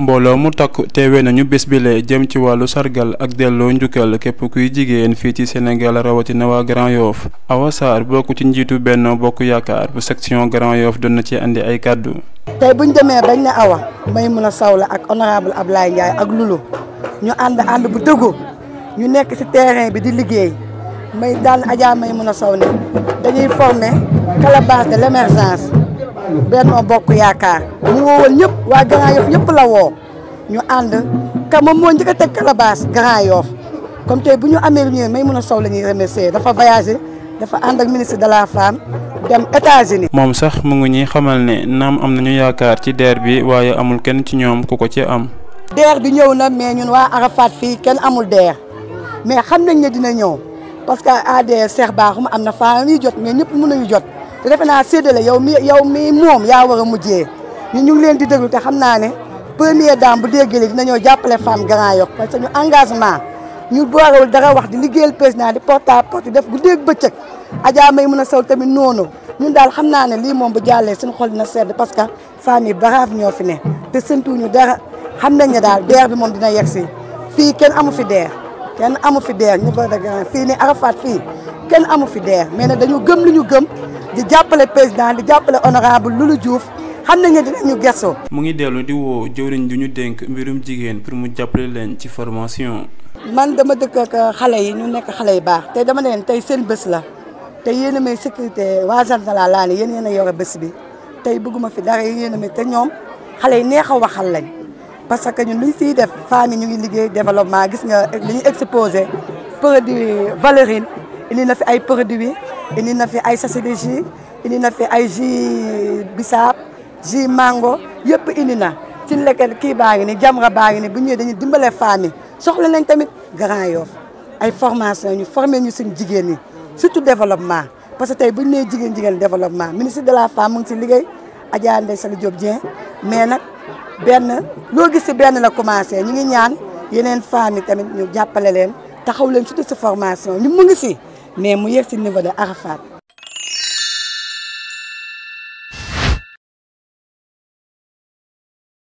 mbooloo mu takku teewee nañu bés bi jëm ci wàllu sargal ak delloo njukkal képp kuy jigéen fii ci Sénégal rawatina waa Grand Yoff Awa Sarr bokk ci njiitu benn Bokk Yaakaar bu section Grand Yoff doon na ci indi ay kàddu tey buñ demee bañ ne Awa Maimouna Sow la ak honorable Ablaye Ndiaye ak Lulu ñu ànd ànd bu dëggu ñu nekk ci terrain bi di liggéey may daan Adja Maimouna Sow ne dañuy former calebasse de l'émergence Benno Bokk Yaakaar mu woowoon ñëpp waa Grand Yoff yëpp la woo ñu ànd ka moo njëkk a teg calebasse Grand Yoff comme tey bu ñu amee lu ñuy Maimouna Sow la ñuy remercier dafa voyagé dafa ànd ak ministre de la femme dem États-Unis moom sax mu ngi ñuy xamal ne naam am nañu yaakaar ci DER bi waaye amul kenn ci ñoom ku ko ci am. DER bi ñëw na mais ñun waa Arafat fii kenn amul DER mais xam nañ ne dina ñëw parce que ADR Cheikh am na faa ñuy jot mais nañu jot. te defe naa séddale yow mi yow mi moom yaa war a mujjee ñu ñu ngi leen di déglu te xam naa ne première dame bu déggee dinañoo jàppale femme Grand Yoff parce que ñu engagement ñu boorewul dara wax di liggéeyal président di porte à porte def guddi ak bëccëg Adja may mën a saw tamit noonu ñun daal xam naa ne lii moom bu jàllee suñu xol dina sedd parce que femme yi brave ñoo fi ne te sëntuñu dara xam nañ ne daal deer bi moom dina yegg si fii kenn amu fi deer kenn amu fi deer ñu bëri da fii ni Arafat fii kenn amu fi deer mais nag dañu gëm li ñu gëm di jàppale président di jàppale honorable Loulou Diouf xam nañ ne dinañu gëstoo. mu ngi dellu di woo jëwriñ ju ñu dénk mbirum jigéen pour mu jàppale leen ci formation. man dama dëkk ak xale yi ñu nekk xale yu baax te dama leen tey seen bés la te yéen may sécurité waa Zalzala laa ne yéen yéen a yore bés bi tey bëgguma fi dara yéen a may te ñoom xale yi neex a waxal lañ parce que ñun lu ñu siy def femmes yi ñu ngi liggéey développement gis nga li ñu exposé produit Valerine indi na fi ay produits. indi na fi ay sachet de jus indi na fi ay jus bisaab jus mango yëpp indi na ci lekket kii baa ngi ni jamra baa ngi ni bu ñëwee dañuy dimbale femmes soxla nañ tamit Grand Yoff ay formation ñu forme ñu suñ jigéen ñi surtout développement parce que tey bu ñu nee jigéen jigéen développement ministre de la femme mu ngi si liggéey Adja Ndeye Saly Diop Dieng mais nag benn loo gis si benn la commencé ñu ngi ñaan yeneen femmes yi tamit ñu jàppale leen taxaw leen surtout si formation ñu si mais mu yegg si niveau de Arafat